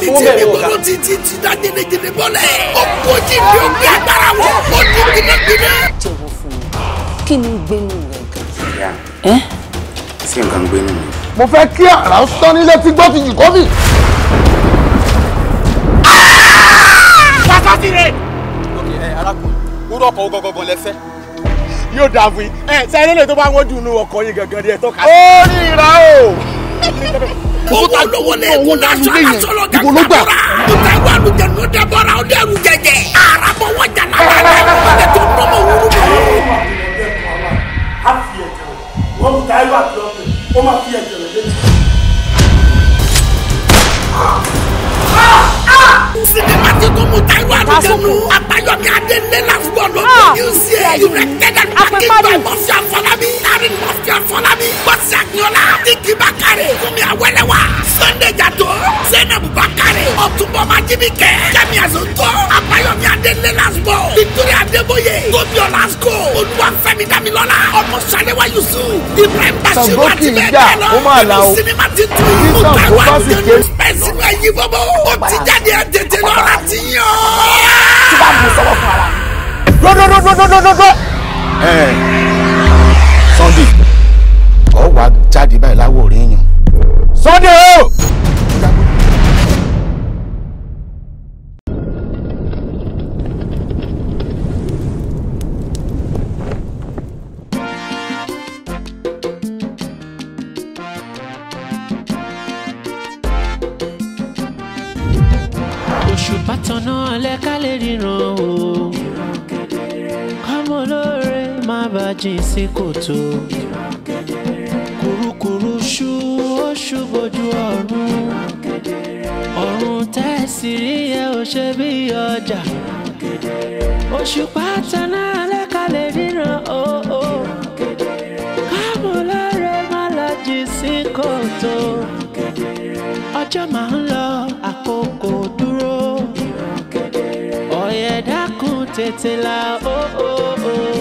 tèmi mo fẹ́ kí àrà ń sọ nílé tí gbọ́ ti jù kọ́fì. pàtàkì rẹ̀. ok ẹ arákùnrin wúrọ̀ ọkọ̀ gọ́gọ́gọ́ lẹ́fẹ́ yóò dà fún ẹ ṣe lè tó bá wọ́n jù nínú ọkọ̀ yín gangan ni ẹ tọ́ka. ó rí ìrà o. owó lọ́wọ́ lẹ́ẹ̀kú lásán lásán wo ló gbà. ìtàwé àlùjẹ̀nu dẹ bọ́ra ó dẹrù jẹjẹ àràbọ̀ wọ́n jàlá lálẹ́ ìpínlẹ̀ tó ń dọ́mọ̀ wúrú mọ́. wọ́n mú sinimati tumu taiwo alujanu abayomi adele lasugbo lọgbọ yusi ẹ directed and packaged by bọsi afọlábí tarin bọsi afọlábí bọsi akínọlá tiki bakare fúnmi awẹlẹwa sunday jato zainab bakare ọtúbọ majibike kẹmi azọtọ abayomi adele lasugbo victoria adeboye tobi olasko olúwafẹ́mi damilọ́lá ọmọ salewa yusuf ibrahim basiru àti bẹ́ẹ̀ bẹ́ẹ̀ lọ sinimati tumu taiwo alujanu pẹ̀sìmọ̀ ẹ̀yìn bọ́bọ́ ó ti jáde ẹ̀ tètè lọ́ra ti yàn tí bá mi sọ́wọ́ fún ara mi. rọ́rọ́rọ́rọ́rọ́rọ́. ẹ ẹ Sunday ọ wàá jáde báyìí láwọ̀ rí yàn. Sunday o. ká lè ríran o. ọmọ olóore má bá jìn sí kòtò. kùrukùru ṣú ó ṣú bojú ọ̀run. ọ̀run tẹ̀sí rí ẹ ò ṣe bí ọjà. oṣù pátá náà lẹ́ka lè ríran o. ọmọ olóore má lọ jìn sí kòtò. ọjọ́ máa ń Tetela, oh, oh, oh.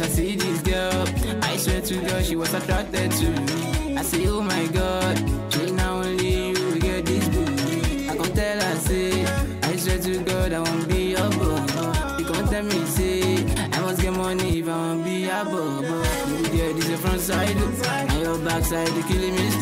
As I see this girl, I swear to God, she was attracted to me. I say, oh my God, she now only you get this boo. I can tell her, say, I swear to God, I won't be your boo. You can tell me, say, I must get money if I won't be your boo. You get this your front side, and your backside side, killing me.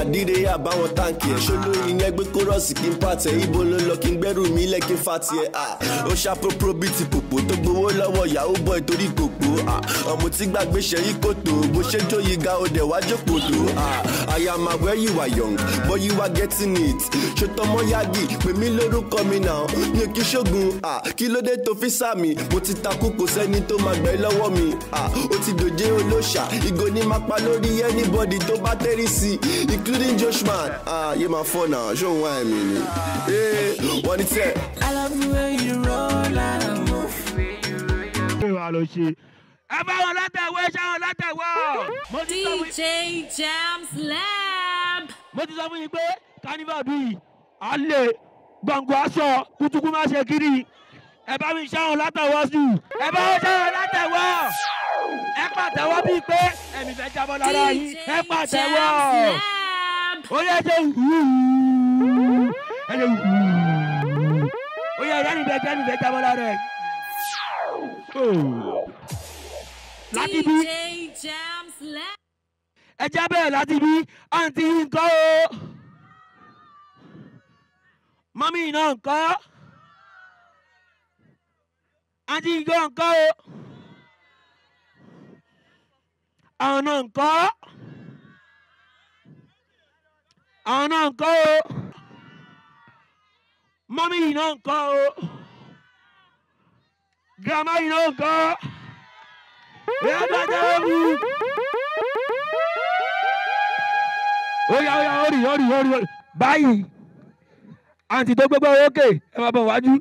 àdíre àbáwọn táǹkì ẹ̀ ṣolóyin ní ẹgbẹ́ kórọ́ọ̀sì kí n pàtẹ ibo ló lọ kí n gbẹ́rù mi lẹ̀ kí n fa tiẹ̀ à ó ṣàpòpò bíi ti pòpò tó gbowó lọ́wọ́ yahoo boy torí gbogbo à ọmọ tí gbàgbé ṣe yí kòtò bó ṣe jóyè ga ọdẹ wá jókòdò à àyàmàwẹ́ yìí are young but you are getting it ṣètọ́mọ yagi pè mí lórúkọ mi náà mi ò kí ṣógun à kí ló dé tó fi sàmì mo ti takú kò sẹ́ni tó máa gbẹ́ lọ́wọ́ mi à ó ti dòjé olóṣà ìgò ní máa pa lórí anybody tó bá tẹ́rì sí i including Josh Man. Ah, you my phone now. Show why I mean it. Eh, hey, what it say? I love the way you roll and move. ẹ bá wọn látẹ̀wé ṣá wọn látẹ̀wé. DJ Jams Lab. mo ti sọ fún yín pé carnival bíi alẹ́ gbọ̀ngàn aṣọ kùtùkù má ṣe kiri ẹ bá mi ṣáwọn látẹ̀wọ́ sí i ẹ bá wọn ṣáwọn látẹ̀wọ́ ẹ pàtẹ́wọ́ bíi pé ẹ̀mí fẹ́ jábọ́ lára yín ẹ pàtẹ́wọ́ ó yẹ ẹjẹ wúwú ẹjẹ wúwú ó yẹ ẹjẹ nìbẹ ẹjẹ nìbẹ jábọ́ lára ẹ. Oh. láti bí ẹjẹ bẹ́ẹ̀ láti bí àǹtí nǹkan o mọ́mí iná nǹkan àǹtí nǹkan o àwọn náà nǹkan àwọn náà ń kọ́ o mọ́mí yìí náà ń kọ́ o girama yìí ori. ń kọ́ ìyá bá jẹ́ ewu. ó yá ó yá ó rì ó rì ó rì báyìí àǹtí tó gbégbá orókè ẹ máa bọ̀ wájú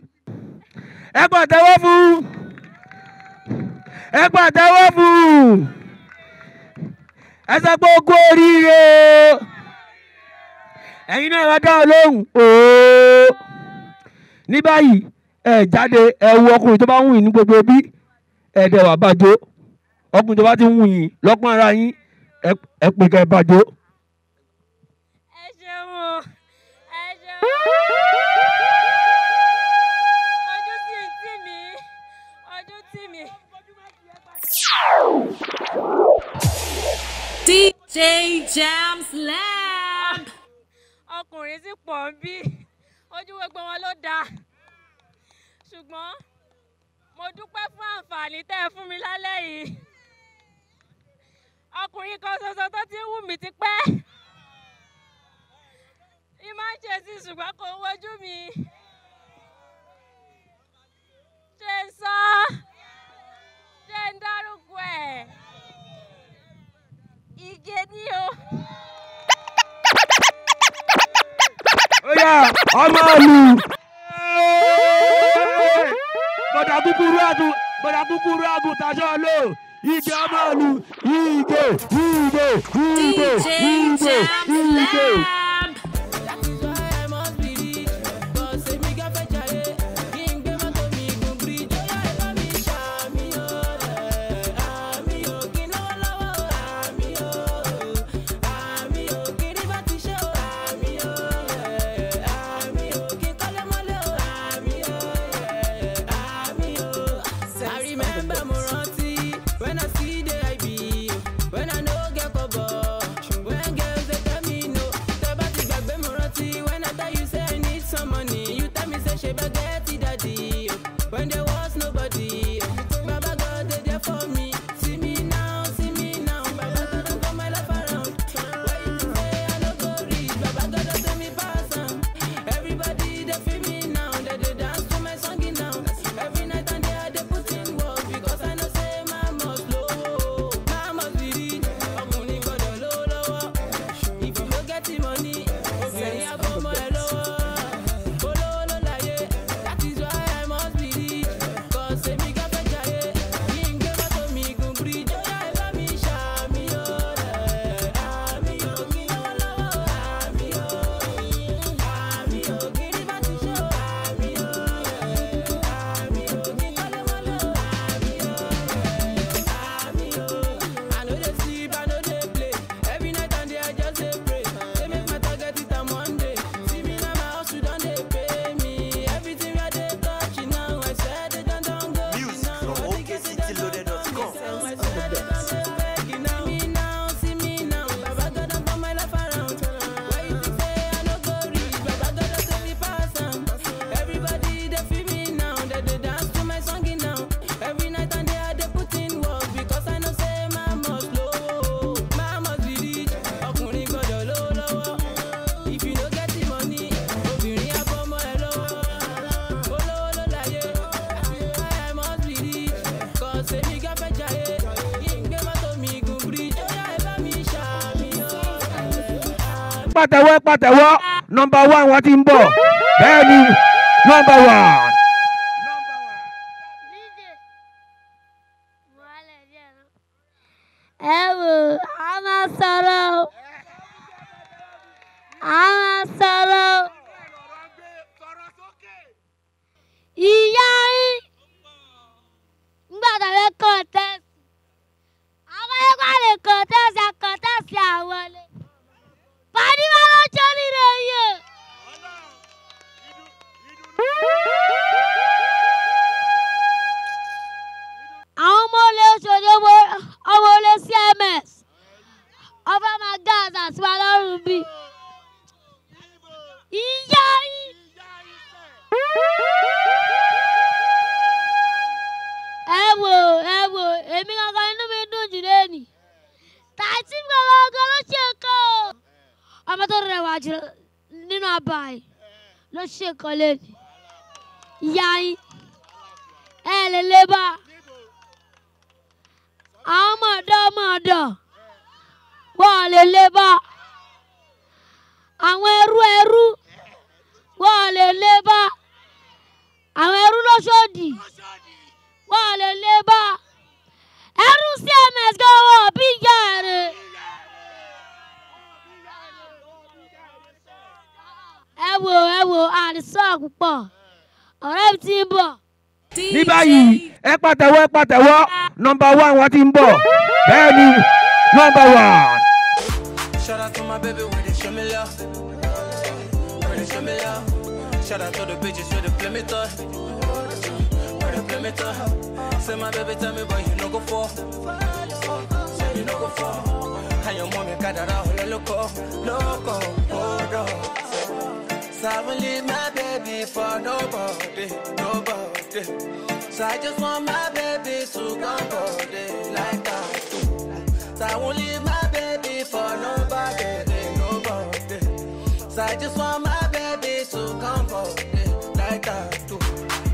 ẹ̀yin náà dá ọ lóhùn ooo ní báyìí ẹ jáde ẹ wo ọkùnrin tó bá wù yín ní gbogbo bí ẹ̀ẹ́dẹ̀wà bàjọ́ ọkùnrin tó bá ti wù yín lọ́gbọ́n ara yín ẹ pè ká ẹ pàtẹ́wọ́ pàtẹ́wọ́ nọmba one wọn ti ń bọ̀ bẹ́ẹ̀ ni nọmba one. ẹ wò a máa sọ̀rọ̀ a máa sọ̀rọ̀. college. pàtẹ́wọ́ pàtẹ́wọ́ nọ́mbà one wọn ti ń bọ̀ bẹ́ẹ̀ ni nọ́mbà one. Say my baby tell me boy you no go fall, say you no go fall. Ayo mami kadara ole loko, loko, bodo. So I won't leave my baby for nobody, nobody birthday. So I just want my baby to come for day like that. So I won't leave my baby for nobody, day, nobody. So I just want my baby to come for day like that. Too.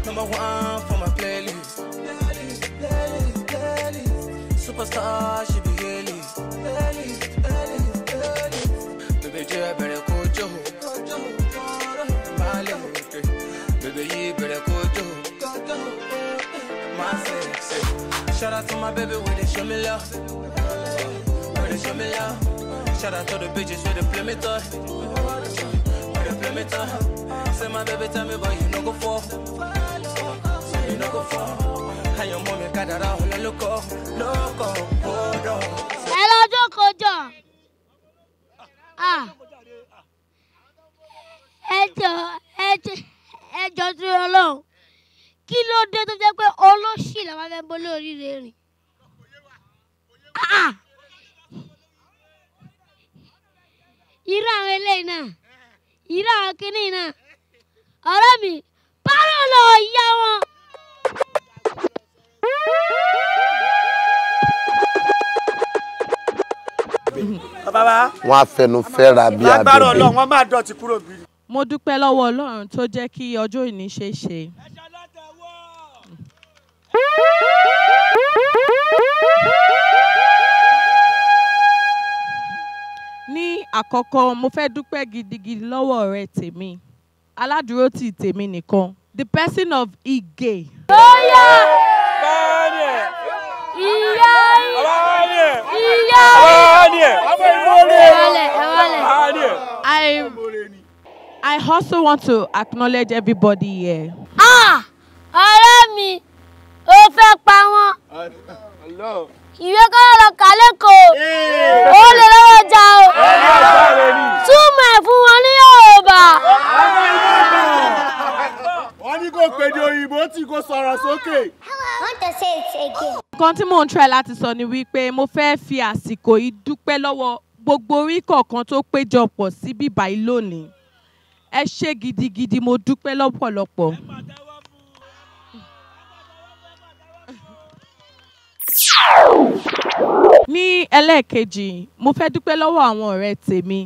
Number one for my playlist. Playlist, playlist, playlist. Superstar, she be playlist, playlist, playlist, playlist. Baby, you better cool. Shout out to my baby where they show me love. Where they show me love. Shout out to the bitches where they play me tough. Where they play me tough. Say my baby tell me boy you no go fall. So you no go fall. And your mommy got that all loco, loco, hold on. Hello, Joko John. Ah. Ẹ jọ ẹ jọ ẹ jọ sí Ọlọ́run kí ló dé tó jẹ́ pé olóṣì la máa fẹ́ bọ́ lórí rẹ̀ rìn. Ah, ah. irú àwọn eléyìí náà irú àwọn kinní náà ọ̀rẹ́ mi pààrọ̀ lọ yá wọn. wọ́n á fẹnu fẹ́ra bí abẹ́bẹ́. lágbára Ọlọ́run mo dúpẹ́ lọ́wọ́ Ọlọ́run tó jẹ́ kí ọjọ́ ìní ṣe é ṣe. Ní àkọ́kọ́ mo fẹ́ dúpẹ́ gidigidi lọ́wọ́ ọ̀rẹ́ tèmi aládùúró tì tèmi nìkan the person of Ige. Lọ́yà! Ìyá ìyá I, I also want to acknowledge everybody here. Ah! Ọ̀rẹ́ mi! ó fẹ́ pa wọ́n ìwé kọ́ lọ kà lẹ́kọ̀ọ́ ó lè lọ́wọ́ jà o túmọ̀ ẹ̀ fún wọn ní Yorùbá. wọ́n ní kò pèdè òyìnbó tí kò sọ̀rọ̀ sókè. nǹkan tí mò ń try láti sọ ni wípé mo fẹ́ fi àsìkò yìí dúpẹ́ lọ́wọ́ gbogbo orí kọ̀ọ̀kan tó péjọpọ̀ síbí báyìí lónìí ẹ ṣé gidigidi mo dúpẹ́ lọ́pọ̀lọpọ̀. ní ẹlẹ́ẹ̀kejì mo fẹ́ dúpẹ́ lọ́wọ́ àwọn ọ̀rẹ́ tèmi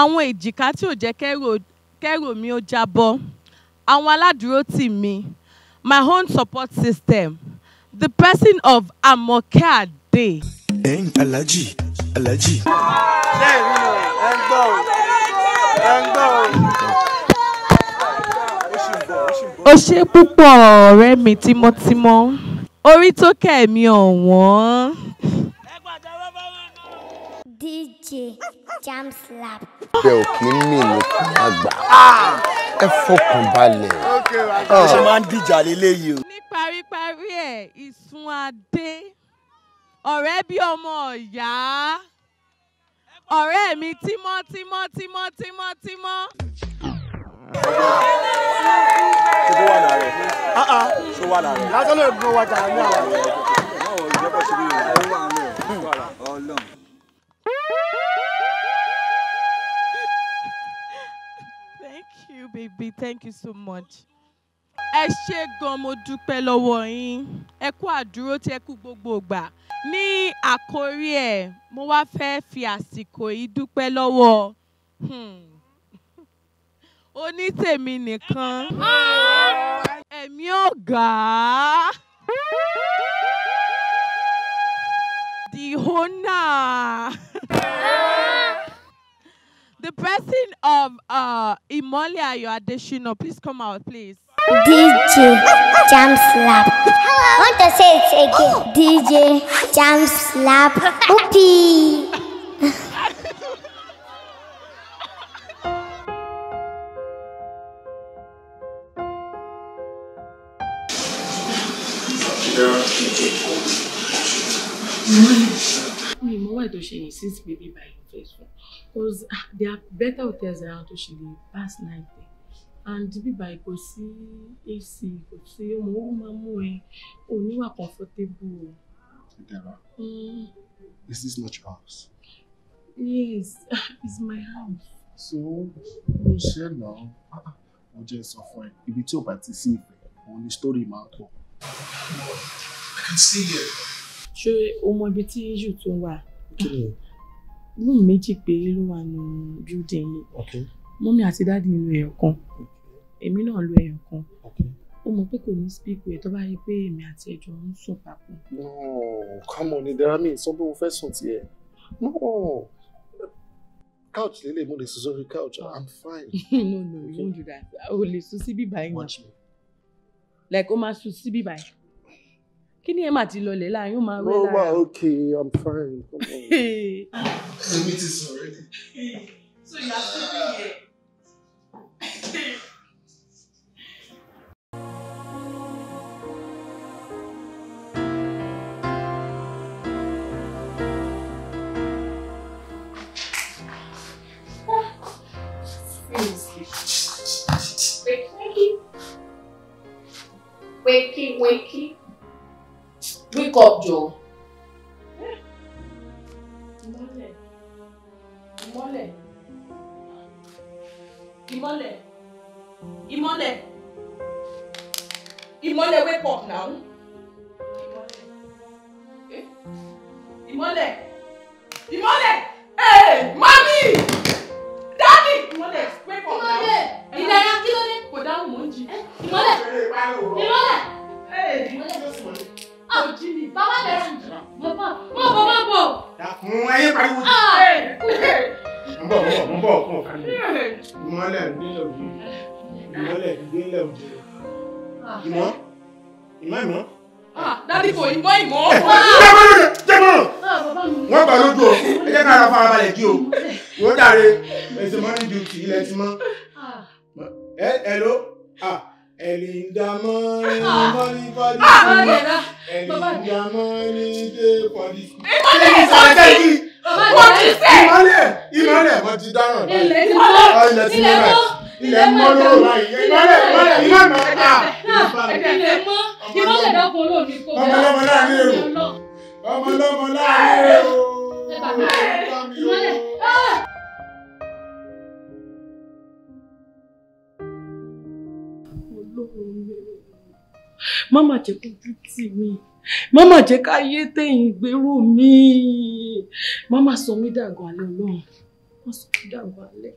àwọn èjìká tí ò jẹ́ kẹ́rò mi ó jábọ́ àwọn aládùúró tì mí my own support system the person of Amoke Ade. ẹ̀yin alájì alájì. lẹ́yìn ẹ̀ ń gbọ́ ẹ̀ ń gbọ́ o ṣe púpọ̀ ọ̀rẹ́ mi tímọ́tímọ́ orí tó kẹ̀mí ọ̀wọ́n. DJ Jamslap. bẹ́ẹ̀ ò kí ń mì nìkan àgbà ẹ fọkàn balẹ̀. ó ṣe máa ń dìjà lélẹ́yìí o. ní paríparí ẹ̀ ìsun adé ọ̀rẹ́ bí ọmọ ọ̀yá ọ̀rẹ́ mi tímọ́ tímọ́ tímọ́ tímọ́ tímọ́ wà lára ẹ̀. Ah, ah. wà lára lásán lè gbọ́ wájà ní àwọn ọ̀rẹ́ báwo ìjẹ́pọ̀ sí bí ọlọ́run. thank you baby thank you so much. ẹ ṣé gan mo dúpẹ́ lọ́wọ́ yín ẹ kú àdúró tí ẹ kú gbogbo ìgbà ní àkórí ẹ̀ mo wá fẹ́ fi àsìkò yìí dúpẹ́ lọ́wọ́. Hmm onítèmi nìkan ẹ̀mí ọ̀gá. The owner, the person of uh, Imole Ayo Adesina, please come out, please. DJ Jam Slap. Hello. Want to say it again? Oh! DJ Jam Slap. Whoopee. tó ṣe since bíbí báyìí ló fẹ́ one, because ah, there are better hotels around tó ṣe lè night there and bíbá kò kosi, AC kosi. sí ọmọ ó máa mú comfortable o. Dara mm. is this not your house? yes ah, it's my house. so ó share now. mo ah, just sọ If you ibi tí ò bá ti story máa I can see you. ṣé o mọ ibi tí yíyù tó wà? rúùmù méjì péré ló wà ní building yìí mọ́mí àti dáàdì nínú ẹ̀yọ̀ kan èmi náà lo ẹ̀yọ̀ kan ó mọ̀ pé kò ní speak way tó bá rí pé èmi àti ẹ̀jọ̀ ń sùn papọ̀. no come on Ìdẹ̀ramí sọ pé mo fẹ́ sùn tiẹ̀ no couch lele, mo lè sùn sórí couch i'm fine. no no you won't do that o lè sùn síbí báyìí náà like o máa sùn síbí báyìí. kí ni ẹ máa ti lọlẹ̀ láàrin ó máa oh, wẹ́ okay i'm fine. èmi ti sọ so you are sleeping here. Wakey, wakey. wake up Joe. Imole, imole, imole, imole, imole. wake up now. Imole, eh? imole, hey, mommy, daddy. Imole, wake up now. Imole, ìdára kí ló dé. kò dáhùn mò ń jí bàbá bẹ̀rẹ̀ bàbá bọ̀ bàbá bọ̀. dàkún ẹyẹ pariwo jù. Ah. n bọ̀ n bọ̀ n bọ̀ kún ọ̀kan mi. ìmọ̀lẹ̀ ìgbélẹ̀ òjò ìmọ̀lẹ̀ ìgbélẹ̀ òjò ìmọ̀ ìmọ̀ ìmọ̀. Ah, dádì kò ìmọ̀ ìmọ̀. jẹ́mọ̀ ah, wọ́n gbà lójú o ẹ jẹ́ ká ara fara balẹ̀ kí o wọ́n dàre ẹ̀sìn mọ́nì duty ilẹ̀ ti mọ́. ẹ ẹ lo ah. Elindama, money for this. Elindama, any day for this. Ìmọ̀lẹ̀ wọ́n ti sẹ́. Ìmọ̀lẹ̀ Ìmọ̀lẹ̀ wọ́n ti dáràn náà. Ilẹ̀ ti ah, mọ́. Ilẹ̀ ti mọ́ náà. Ilẹ̀ mọ́ ló wà yìí. Ìmọ̀lẹ̀ Ìmọ̀lẹ̀ Ìmọ̀lẹ̀ náà. Ilẹ̀ mọ́. Ìmọ̀lẹ̀ dákun olóòní kò bẹ́ẹ̀. Ọmọlọ́mọ láàrin èrò. Ọmọlọ́mọ láàrin èrò. Ìmọ̀lẹ̀. Ah. má má jẹ́ kójú tì mí má má jẹ́ káyé tẹ̀yìn gbèrú mi má má sọ mí dàgbà alẹ́ ọlọ́run má sọ mí dàgbà alẹ́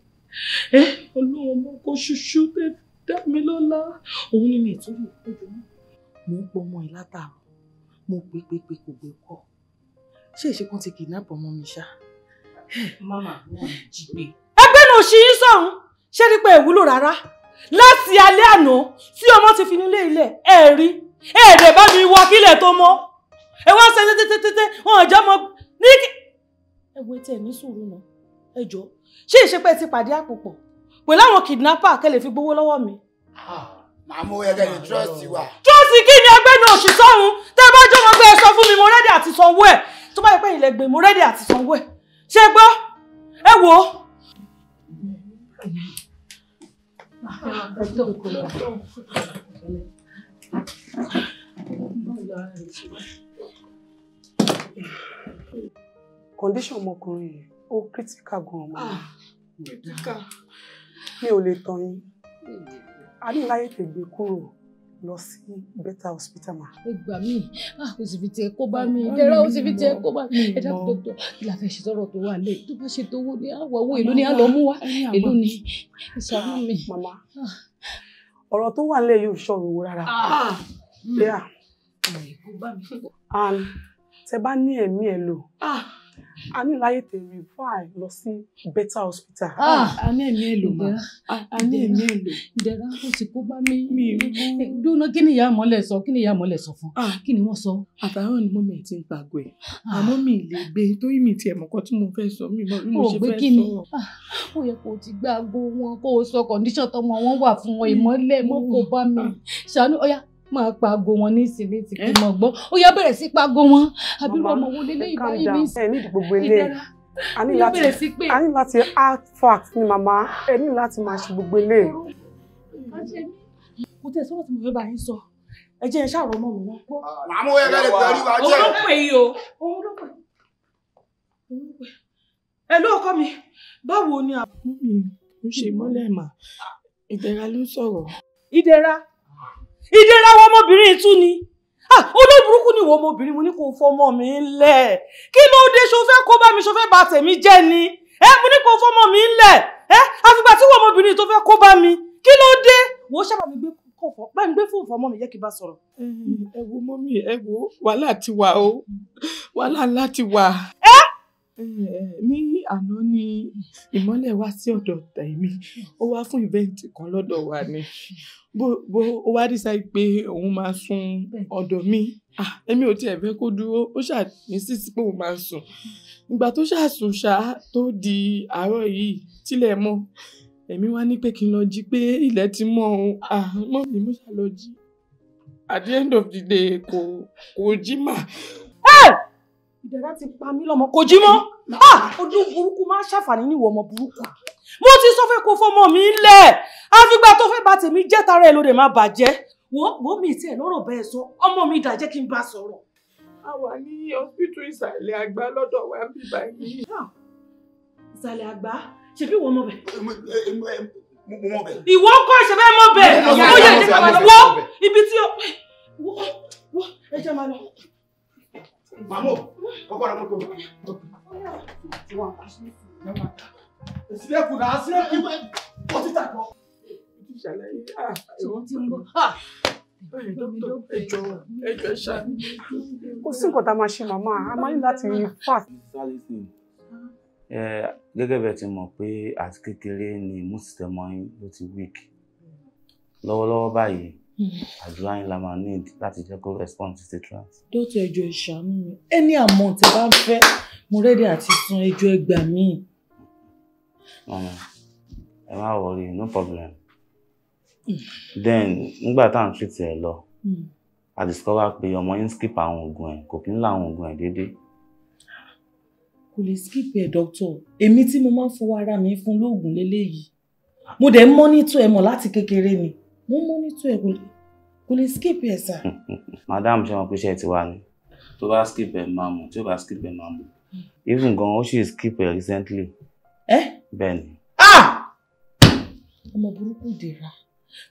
ẹ ọlọ́run ọmọ kò ṣoṣo tẹ dá mi lọ́lá òun ni mi ìtúrò ìpéjọ náà mo ń pọmọ ẹ látàárọ̀ mo pè pé pé kò gbé kọ ṣé ìṣe kan ti kidnap ọmọ mi ṣá. mama wọn jí gbé. ẹgbẹ́ náà ṣí yín sọ̀rùn ṣé ní pé ìwúlò rárá láti alẹ́ àná tí ọmọ ti fi nílé ilẹ̀ ẹ rí ẹ̀ẹ́dẹ̀ bá mi wá kílẹ̀ tó mọ́ ẹ wá ṣe tètè wọn ò jẹ́ ọmọ ní kí. ẹ wo etí ẹ ní sùúrù náà ẹ jọ ṣé ìṣepẹ́ ti pàdé àpò pọ̀ pẹ̀lú àwọn kìdínápà kẹ́ lè fi gbowó lọ́wọ́ mi. Ah, màmú ẹgbẹ́ ni trọ́ọ̀sì wà. trust kí ni ẹgbẹ́ ni òṣì sọ́run tẹ́ bá jọ́ wọn gbé ẹ sọ fún mi mo rẹ́dí àti sanwó ẹ̀ tó bá yẹ pé ilẹ̀ gbé mo rẹ́dí àti sanwó ẹ̀ ṣé gbọ́ ẹ wò ó condition ọmọkùnrin yìí ó critical gan ọmọ ah, mi ò lè tàn yín a ní láyé tègbè kúrò lọ sí better hospital ma. ẹ gbà mí a ah, sì fi tiẹ̀ kó bá mi ìdẹ́ra ó sì fi tiẹ̀ kó bá mi ẹ dákun dọ́kítọ̀ kí la fẹ́ ṣe sọ̀rọ̀ tó wà lẹ́yìn tó bá ṣe tówó ni àwọ̀ owó ìlú ni a lọ mú wa ìlú ni ìṣàánú mi. màmá ah. ọ̀rọ̀ tó wà lẹ́yìn yóò ṣọ̀rọ̀ owó rárá. Ah. bẹ́ẹ̀ and tẹ bá ní ẹ̀mí ẹ lò a ní láyé tèmi fine lọ sí better hospital. Ah, ah. a ní ẹ̀mí èlò mà ah, a ní ẹ̀mí èlò. ìdẹ̀ra ó sì kó bá mi. mi eh, eh, dúró kí ni ìyá àmọ́lẹ̀ sọ kí ni ìyá àmọ́lẹ̀ sọ fún. kí ni wọ́n sọ. àtàárọ̀ ni mọ́mí ẹ̀ ti ń pàgọ́ ẹ̀ àmọ́ mi lè gbé torí mi tiẹ̀ mọ̀kọ́ tí mo fẹ́ sọ mi mọ̀ bí mo ṣe fẹ́ sọ. ó yẹ kó o ti gbá aago wọn kó o sọ condition tọmọ wọn wà fún mm. kó bá mi ṣàánú máa pago wọn ní ìsinmi tí eh? kì í mọ̀ gbọ́ ó yá bẹ̀rẹ̀ sí pago wọn àbírú ọmọ wo lélẹ́ ìbáyé mi sí ìdára a ní láti a ní fact ni mama. ẹ ní láti máa ṣe gbogbo ilé. kò tẹ̀ sọ́dọ̀ tí mo fẹ́ bá yín sọ ẹ jẹ́ ẹ ṣàrọ̀ ọmọ mi wá. màmú ẹ lè gbẹ̀rù wa jẹ́. òun ló pè yìí o òun ló pè òun pè. ẹ lóòkọ́ mi báwo ni àbúrò mi ń ṣe mọ́lẹ̀ mà ìdẹ̀ra ló sọ̀rọ̀. ìdẹ̀ra ìlera wọn ọmọbìnrin tún ni ah, olóburúkú ni ìwọ ọmọbìnrin mo ní kò fọmọ mi ńlẹ̀ kí ló dé ṣo fẹ́ kó bá mi ṣo fẹ́ bà tèmi jẹ́ ni ẹ mo ní kò fọmọ mi ńlẹ̀ ẹ àfìgbà tí ìwọ ọmọbìnrin tó fẹ́ kó bá mi kí ló dé wò ó ṣàbàmì gbé kọ̀ọ̀fọ̀ bá ń gbé fún ìfọ̀mọ́ mi yẹ kí n bá sọ̀rọ̀. ẹ wo mọ́mí ẹ wo wàhálà ti wà o wàhálà ńlá ti wà. ẹ Eh, ní àná ni ìmọ́lẹ̀ wá sí ọ̀dọ̀ tèmi ó wá fún ìvẹ́ǹtì kan lọ́dọ̀ wa ni bó bó ó wá decide pé òun máa sùn ọ̀dọ̀ mi èmi ò tiẹ̀ fẹ́ kó dúró ó ṣàní sísí pé òun máa sùn ìgbà tó ṣàsùn ṣá tó di àárọ̀ yìí tílẹ̀ mọ́ èmi wá ní pé kí n lọ jí pé ilẹ̀ ti mọ́ òun àmọ́ mi mú ṣá lọ jí at the end of the day kò kò jí mà ìdẹ̀ra ti pa mí lọ́mọ kò jí mọ́ ah! ojú burúkú máa ń ṣàǹfààní níwọ̀ ọmọ burúkú mo ti sọ fẹ́ kó fọmọ mi lẹ̀ àfìgbà tó fẹ́ bá tèmi jẹ́ tara ẹ̀ ló dé máa bàjẹ́ wọ́n wọ́n mi tiẹ̀ lọ́rọ̀ bẹ́ẹ̀ sọ ọmọ mi dà jẹ́ kí n bá sọ̀rọ̀. a wà ní ọsibítù ìsàlẹ̀ àgbà lọ́dọ̀ wa bí báyìí. Ah! ìsàlẹ̀ àgbà ṣèbí wọ́n mọ̀ bẹ̀. ìwọ kọ́ ìṣẹ̀fẹ́ mọ̀ bẹ̀ ó yẹ ìdí Mamu, kọ́kọ́ rẹ̀ mọ́tò. Ìsìlẹ̀kùn náà, ìsìlẹ̀kùn náà, ó ti tàkọ́. Ìṣẹ̀lẹ̀ yìí, ẹ̀rọ ti ń bọ̀. Ah! Ẹjọ́ ẹjọ́ ṣá. Kò sí nǹkan tá a máa ṣe màmá, a máa ní láti rí fast. Gẹ́gẹ́ bẹ́ẹ̀ ti mọ̀ pé àti kékeré ni ìmúsìtẹ́mọ́ yín ló ti wíìkì. Lọ́wọ́lọ́wọ́ báyìí, àdúrà hmm. yín la máa need láti jẹ́ kó respond to the trance. dókítà ẹjọ́ ìṣàánú mi any amount tẹ́ bá fẹ́ mo rẹ́dí àti san ẹjọ́ ẹgbà mi. mama ẹ má worry no problem. Hmm. then nígbà tá à ń treat ẹ lọ I hmm. discover pé ọmọ yín skip àwọn oògùn ẹ kò kí ń la àwọn oògùn ẹ déédéé kò lè skip ẹ dọ́kítọ̀ èmi tí mo máa ń fowó ara mi fún lóògùn lélẹ́yìí mo dẹ̀ ń mọ́nítọ̀ ẹ mọ̀ láti kékeré ni mo ń mọ́nítọ̀ ẹ̀ kò lè skip ẹ̀ sà. madam ṣe wọn pé iṣẹ́ ti wá ni tó bá skip ẹ̀ máa mọ̀ tí ó bá skip ẹ̀ máa mọ̀ even gan ó sì skip ẹ̀ recently. ẹ bẹ́ẹ̀ ni. Ah! ọmọ burúkú dèrà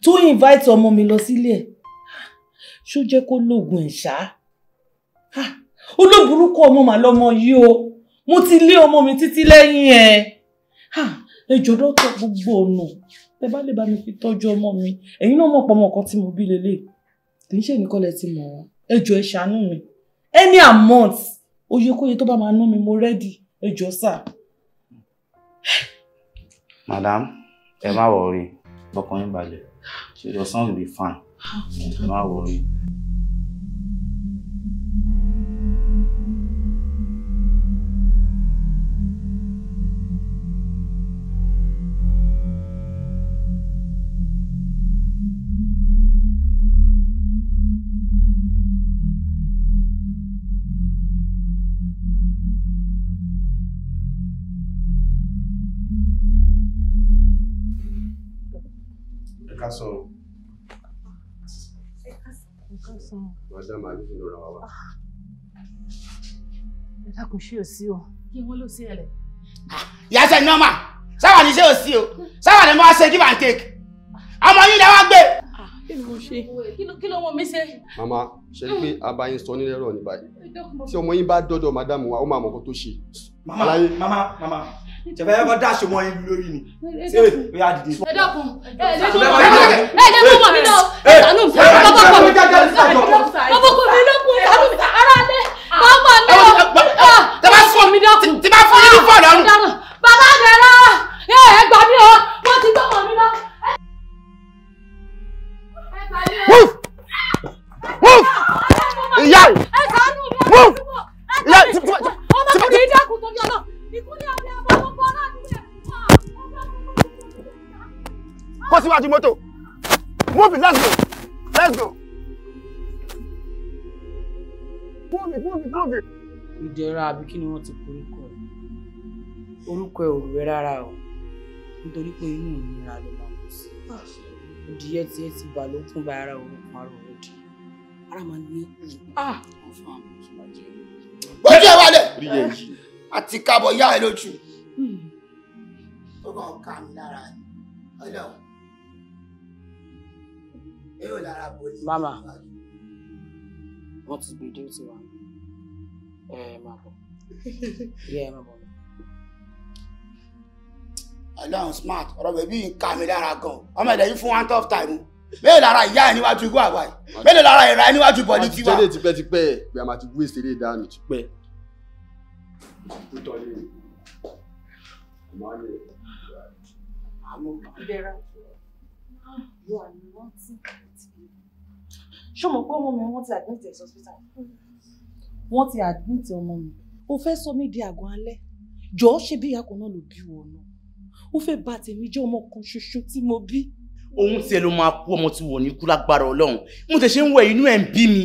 tó invite ọmọ mi lọ sílé ẹ̀ ṣó jẹ́ kó lóògùn ẹ̀ ṣá ah! olóburúkú ọmọ màlọ́mọ yìí o mo ti lé ọmọ mi títí lẹ́yìn ẹ̀ ah! ẹjọ́ dọ́tọ̀ gbogbo ọ̀nà ẹ bá lè bá mi fi tọ́jú ọmọ mi ẹ̀yin náà mọ̀ pọ̀ kan tí mo bí lélẹ̀ kì í ṣe nìkan lẹ ti mọ̀ wọn ẹ ẹ ṣàánú mi any amount oyekóye tó bá máa ná mi mo rẹ́dì ẹ sà. madam ẹ má wọrí ọkàn yín balẹ̀ she does will be fine ah, ẹ má wọrí. káàsán o. madam alifin ló ra wa wá. ẹ dákun ṣé o sí o kí wọ́n ló sí ẹ̀rẹ̀. ìyá sẹ́ni ọmọ sáwà ní ṣé o sí o sáwà ní mo wá ṣe give and take ọmọ yín ni wọ́n gbé. kí ló ṣe kí ló wọ́n mi ṣe. màmá ṣe pé abayín sọ nílẹ̀ rọ̀ ní báyìí tí ọmọ yín bá dọ́dọ̀ madam wa ó máa mọ̀ kó tó ṣe. màmá màmá màmá ṣe fẹ́ kọ́ dáṣọ mọ́ yín lórí ni ṣé o yà dìde. ẹ dọkun ẹ ẹ lẹnu mọ ẹ lẹnu mọ mi lọ ẹ sànù mi bàbá kọ mi bàbá kọ mi lọkùn sànù mi ara lẹ bàbá mi lọ bàbá kọ mi lọkùn tí bá fún yín ní fọdà nù. bàbá mi lọ ẹ ẹ gbà mí o mo ti gbọ́ mọ̀ mi lọ. ìyá ìyá ọmọkùnrin dákun tó bí ọlọ́ọ̀ kó síwájú mọ́tò move it let's go let's go move it move it move it. ìdẹ̀ra àbí kí ni wọ́n ti korúkọ ẹ̀ orúkọ ẹ̀ ò rẹ̀ rárá o nítorí pé inú ìnira ló máa kú sí ìdíyẹ tí ẹ ti bà ló kún bá ara òun kan ara òun ara máa ní. ó jẹ́ wálé àti kábọ̀ yá ẹ lójú. ó hmm. kàn ká mi lára ni ọlọ́run èrò lára bò ní. mama wọn ti gbèdé ó ti wà ẹ máa bọ yẹ ẹ máa bọ. ọlọ́run smart ọ̀rọ̀ bẹ̀bí ń ká mi lára gan ọmọ ẹ̀dẹ̀ yìí fún one tough time mélòó lára ìyá ẹ níwájú igbó àgbà yìí mélòó lára ìra ẹ níwájú bọ̀lì tiwa. wọ́n ti tẹ́lẹ̀ tipẹ́tipẹ́ pé a máa ti wé ìṣeré ìdánù tipẹ́. Tutoli. Money. Vera, you are nothing ṣó mọ̀ pé ọmọ mi wọ́n ti admit ẹ̀ hospital wọ́n ti admit ọmọ mi ó fẹ́ sọ mí di àgọ́ alẹ́ jọ̀ọ́ ṣe bí ìyàkọ̀ náà ló bí wọn náà ó fẹ́ bà tèmi jẹ́ ọmọ kan ṣoṣo tí mo bí. ohun tiẹ̀ ló máa kú ọmọ tí wò ní kú lágbára ọlọ́run mo tẹ̀ ṣe ń wọ inú ẹ̀ ń bí mi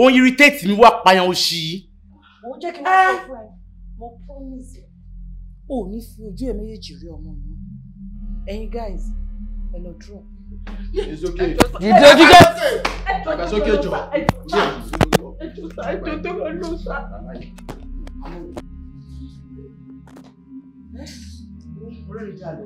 òun irritate mi wá payan oṣì yìí. mo jẹ́ kí wọ́n sọ fún ẹ mo promise o ò ní fi ojú ẹ méjèèjì rí ọmọ mi ẹ̀yin guys ẹ lọ drop. it's okay. jíjẹ jíjẹ. that's okay jọ. ẹjọ sá ẹjọ tó lọ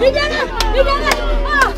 Nigga, nigga, nigga, nigga.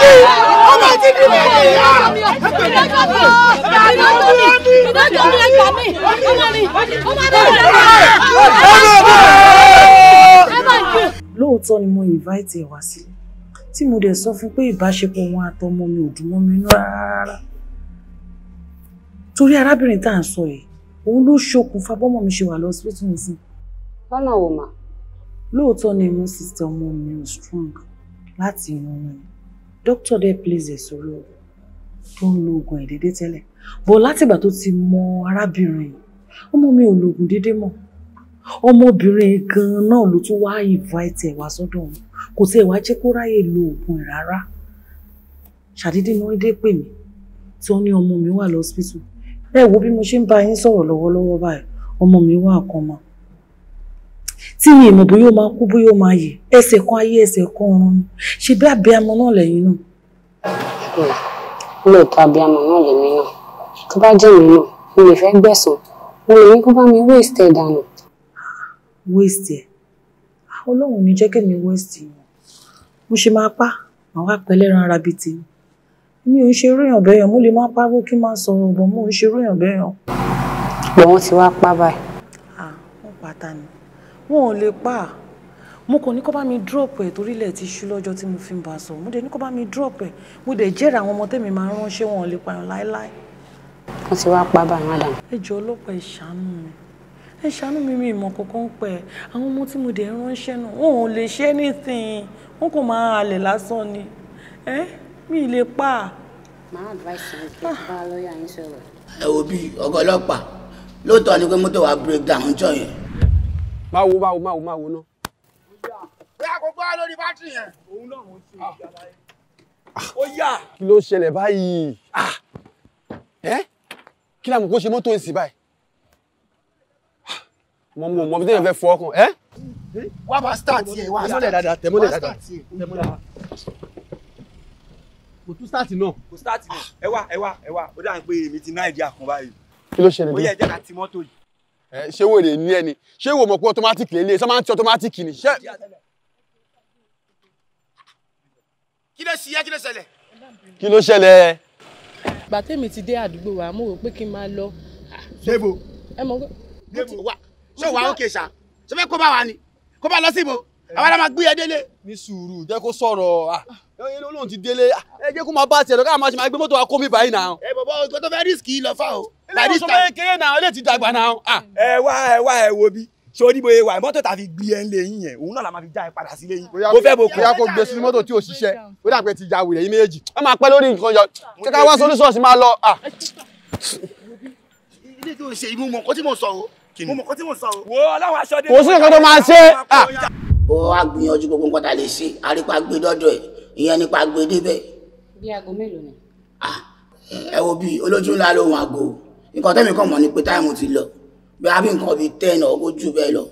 méjì ọmọ ti bí méjì yá. lóòótọ́ ni mo invite ẹ̀ wá sí tí mo dẹ̀ sọ fún pé ìbáṣepọ̀ wọn àtọmọ mi ò dùn mọ́ mi rárá torí arábìnrin tá à ń sọ yìí òun ló ṣokùnfà bọ́mọ mi ṣe wà lọ síbítù nísìn. lọ́nà wo mà. lóòótọ́ ni mo sì tẹ ọmọ mi ò strong láti inú mi doctor there, place ẹ̀ sórí ọ̀rọ̀ tó ń lo oògùn ẹ̀ déédéé tẹ́lẹ̀ bọ̀ látìgbà tó ti mọ arábìnrin ọmọ mi ò lo oògùn déédéé mọ́ ọmọbìnrin gan-an náà ló tún wá invite ẹ̀ wá sọ́dọ̀ wọn kò tiẹ̀ wá jẹ́ kó ráyè lo oògùn ẹ̀ rárá ṣàdédé ni wọ́n dé pè mí tí wọ́n ní ọmọ mi wà lọ́sibítù ẹ wo bí mo ṣe ń bá yín sọ̀rọ̀ lọ́wọ́lọ́wọ́ báyìí ọmọ mi wà kan máa tí mi ìmọ̀ bóyá ó máa kú bóyá ó máa yè ẹsẹ̀ kan ayé ẹsẹ̀ kan ọ̀run ni ṣe bí abiyamọ náà lẹ́yìn náà. lóòótọ́ abiyamọ náà lèmi náà tó bá jẹ́ mi náà mo lè fẹ́ gbẹ̀sán mo lè ní kó bá mi wéèsì ẹ̀ dànù. wéèsì ẹ̀ ọlọ́run ní jẹ́ kémi wéèsì ẹ̀ mo ṣe máa pa àwọn apẹlẹ́ran ara bíi tèmi mi ò ń ṣe ròyàn bẹ́yàn mo lè má pariwo kí n má sọ̀rọ̀ ọ̀bọ̀ mo ń ṣe ròyàn bẹ́yàn. wọ́n ti wá pa báyìí. ah wọ́n pa ta ni wọn ò lè pa mo kàn ní kó bá mi drop ẹ̀ torí ilẹ̀ ti ṣú lọ́jọ́ tí mo fi ń bá a sọ mo dẹ̀ ní kó bá mi drop ẹ̀ mo dẹ̀ jẹ́rìí àwọn ọmọ tẹ́mi máa ń ránṣẹ́ wọn ò lè pààyàn láéláé. wọ́n ti wá pa bá madam. ẹ jọ̀ọ́ ọlọ́pàá ẹ ṣàánú mi ẹ ṣàánú mi mi ìmọ̀ kankan ń pẹ́ àwọn ọmọ tí mo dẹ̀ ránṣẹ́ náà wọn ò lè ṣe anything wọn kò máa halẹ̀ lásán ni ẹ mi ì lè pa. máa advice mi kí ẹ bá lọ́ọ̀yà yín sọ̀rọ̀. ẹ wo bí ọgọ ọlọ́pàá wa break down máa wo máa wo máa wo máa wo náà. bí àkókò á lórí bátìrì yẹn. òun náà wọ́n ṣe ah. ìjàmbá yẹn. ó yà. kí ló ṣẹlẹ̀ báyìí? Ah. ẹ́ kí làwọn kò ṣe mọ́tò ìsìn báyìí? Ah. mo mọ mọ bí téèyàn fẹ́ fọ ọkàn ẹ́. wá bá start yẹ wá start yẹ tẹmọlẹ dada tẹmọlẹ dada kò tún start náà. kò start náà ẹ wá ẹ wá ẹ wá ó dà ń pé èmi ti ná ìdí àkànbá yìí. kí ló ṣẹlẹ̀ bí? ó yẹ jẹ́ ká ti mọ́tò yìí ẹ eh, ṣé wò lè ní ẹni ṣé wò mọ̀ pé automatic lè lé ṣé máa ń ti automatic ni. kí ló ṣe yẹ kí ló ṣẹlẹ̀. kí ló ṣẹlẹ̀. gbàtẹ́mi ti dé àdúgbò wa mo rò pé kí n máa lọ. debo debo wa ṣé wàá òkè ṣá ṣé fẹ́ kó bá wa ni kó bá lọ sí ibo eh. àwọn ará máa gbé ẹ délé. ní sùúrù jẹ́ kó sọ̀rọ̀ olóhùn ah, ti délé ah, ẹ jẹ́ kó máa bá tiẹ̀ lọ káà máa ṣe máa gbé mọ́tò wa kó mi báyìí náà. ẹ eh, bọ̀bọ̀ ọ̀gbọ́n tó fẹ́ rísíkì lọ fáwọn tàbí tàbí kéré náà ó lè ti dàgbà náà. Ah. ẹ wá ẹ wá ẹ wo bí sori bóyá wà mọ́tò tàbí gbé ẹ lé yín yẹn òun náà la máa fi já ẹ padà sí lé yín. mo fẹ́ mo kọ́. ìyá kò gbé sínú mọ́tò tí ò ṣiṣẹ́ ó dà pé ti ya wèrè yín méjèèjì. ẹ máa pẹ́ lórí nǹkan yọ kẹ́kẹ́ wá solúsọ̀ọ̀sì máa lọ. Ah. ilé tí o ṣe ìmú mọ̀ kó tí mo sọ o mo mọ̀ kó tí mo sọ o. wo ọlọ́run aṣọ dé. kò sí nǹkan tó máa ṣe. Ah. ó wá gbìyànjú gbogbo nǹkan tá a lè ṣe àrípa gbé dọ́dọ̀ ẹ̀ ìyẹn nípa gbé débẹ̀. bí aago mélòó ni. ẹ wo bí olójú ńlá lóhun aago nǹkan tẹ́mi kàn mọ̀ ni pé táìmù ti lọ bí a bí nǹkan bíi ten ogójú bẹ́ẹ̀ lọ.